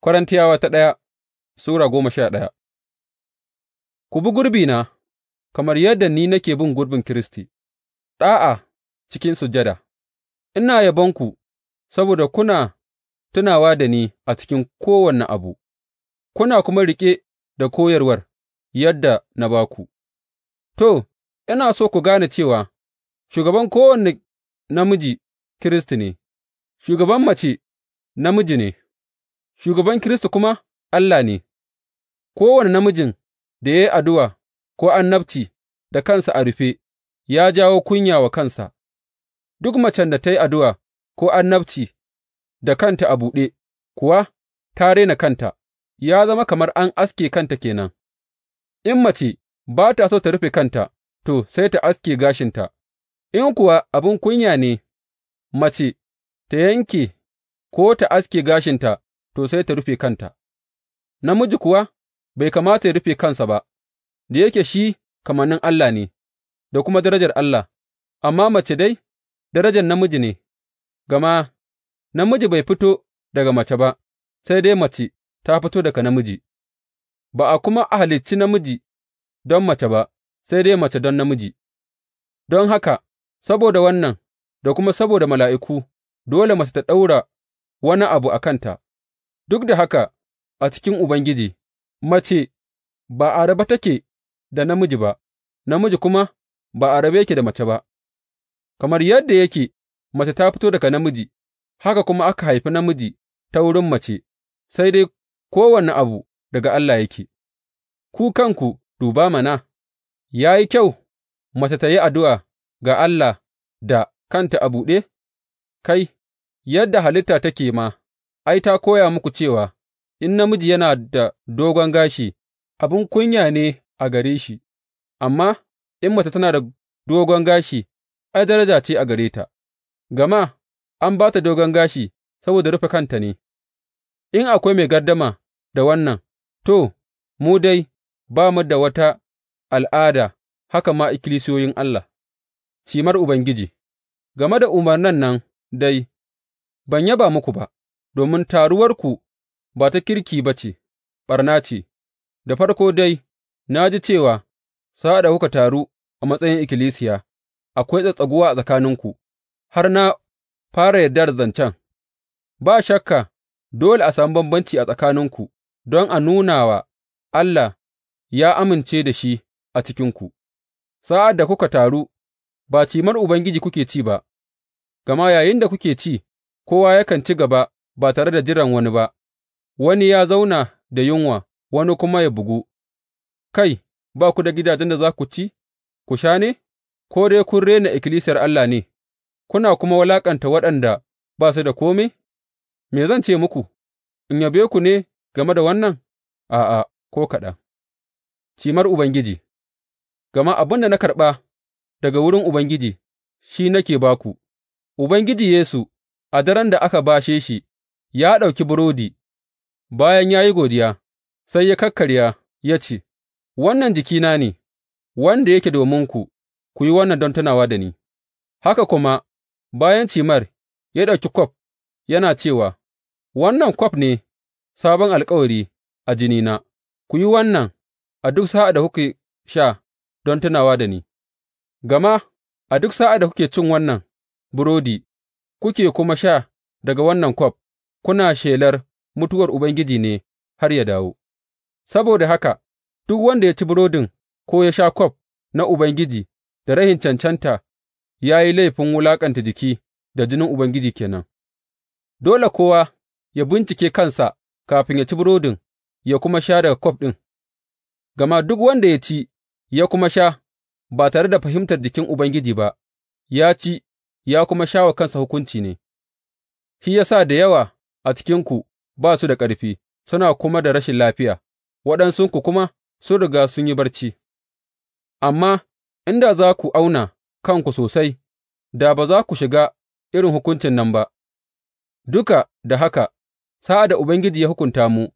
Korintiyawa ta ɗaya Sura goma sha ɗaya Ku bi gurbina, kamar yadda ni nake bin gurbin Kiristi, ɗa'a cikin sujada, ina yabonku saboda kuna tunawa da ni a cikin kowane abu, kuna kuma riƙe da koyarwar yadda na ba ku. To, ina so ku gane cewa shugaban kowane namiji Kiristi ne, shugaban mace namiji ne. Shugaban Kiristi kuma Allah ne, kowane namijin da ya yi addu'a ko annabci da kansa a rufe, ya jawo kunya wa kansa, duk macen da ta yi addu'a ko annabci da kanta a buɗe kuwa ta rena kanta, ya zama kamar an aske kanta kenan. in mace ba ta so ta rufe kanta, to, sai ta aske gashinta, in kuwa abin kunya ne mace ta yanke ko ta aske gashinta to, sai ta rufe kanta, namiji kuwa bai kamata ya rufe kansa ba, da yake shi kamannin Allah ne, da kuma darajar Allah, amma mace dai, darajar namiji ne, gama namiji bai fito daga mace ba, sai dai mace ta fito daga namiji, ba a kuma halicci namiji don mace ba, sai dai mace don namiji, don haka, saboda wannan da kuma saboda mala'iku, dole mace ta ɗaura wani abu a kanta, Duk da haka, a cikin Ubangiji, mace ba a rabe take da namiji ba, namiji kuma ba a rabe yake da mace ba, kamar yadda yake mace ta fito daga namiji, haka kuma aka haifi namiji ta wurin mace, sai dai kowane abu daga Allah yake, ku kanku duba mana, ya yi kyau mace ta yi addu'a ga Allah da kanta a buɗe? Kai, yadda halitta take ma, ai, ta koya muku cewa in namiji yana da dogon gashi, abin kunya ne a gare shi, amma in mace tana da dogon gashi, ai, daraja ce a gare ta, gama an ba ta dogon gashi saboda rufe kanta ne, in akwai mai gardama da wannan, to, mu dai ba mu da wata al'ada, haka ma ikkilisiyoyin Allah, cimar Ubangiji, game da umarnan nan dai, ban yaba muku ba. domin taruwarku ba ta kirki ba ce, ɓarna ce, da farko dai, na ji cewa sa'ad da kuka taru a matsayin ikkilisiya, akwai tsattsaguwa a tsakaninku, har na fara yarda da zancen, ba shakka dole a sami bambanci a tsakaninku don a nuna wa Allah ya amince da shi a cikinku, sa'ad da kuka taru, ba cimar Ubangiji kuke ci ba, gama da kuke ci, kowa yakan ci gaba ba tare da jiran wani ba, wani ya zauna da yunwa, wani kuma ya bugu, kai, ba ku da gidajen da za ku ci, ku sha ne, ko dai kun rena ikkilisiyar Allah ne, kuna kuma walaƙanta waɗanda ba su da kome? Me zan ce muku, in yabe ku ne game da wannan? A'a, ko kaɗan. Cimar Ubangiji Gama abin da na karɓa daga wurin Ubangiji, shi nake ba ku, Ubangiji Yesu, a daren da aka bashe shi, ya ɗauki burodi, bayan ya yi godiya, sai ya kakkarya ya ce, Wannan jikina ne, wanda yake dominku, ku yi wannan don tunawa da ni. Haka kuma, bayan cimar, ya ɗauki kwaf, yana cewa, Wannan kwaf ne sabon alkawari a jinina, ku yi wannan a duk sa'ad da kuke sha don tunawa da ni, gama a duk sa'ad da kuke cin wannan burodi, kuke kuma sha daga wannan kwaf, kuna shelar mutuwar Ubangiji ne har ya dawo, saboda haka duk wanda ya ci burodin ko ya sha kwaf na Ubangiji da rahin cancanta ya yi laifin wulaƙanta jiki da jinin Ubangiji kenan. dole kowa ya bincike kansa kafin ya ci burodin ya kuma sha daga kwaf ɗin, gama duk wanda ya ci ya kuma sha ba tare da fahimtar jikin Ubangiji ba, ya ci ya kuma sha wa kansa hukunci ne, shi ya sa da yawa A cikinku ba su da ƙarfi, suna kuma da rashin lafiya, waɗansunku kuma sun riga sun yi barci, amma inda za ku auna kanku sosai, da ba za ku shiga irin hukuncin nan ba, duka da haka, sa'ad da Ubangiji ya hukunta mu,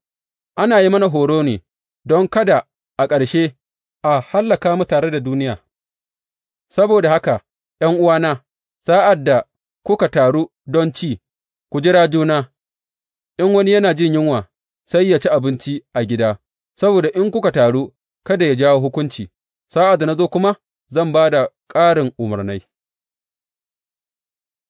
ana yi mana horo ne don kada a ƙarshe a hallaka mu tare da duniya. Saboda haka, 'yan uwana, sa'ad da kuka taru don ci, ku jira juna. in wani yana jin yunwa, sai ya ci abinci a gida, saboda in kuka taru, kada yă jawo hukunci, sa'ad da na zo kuma zan ba da ƙarin umarnai.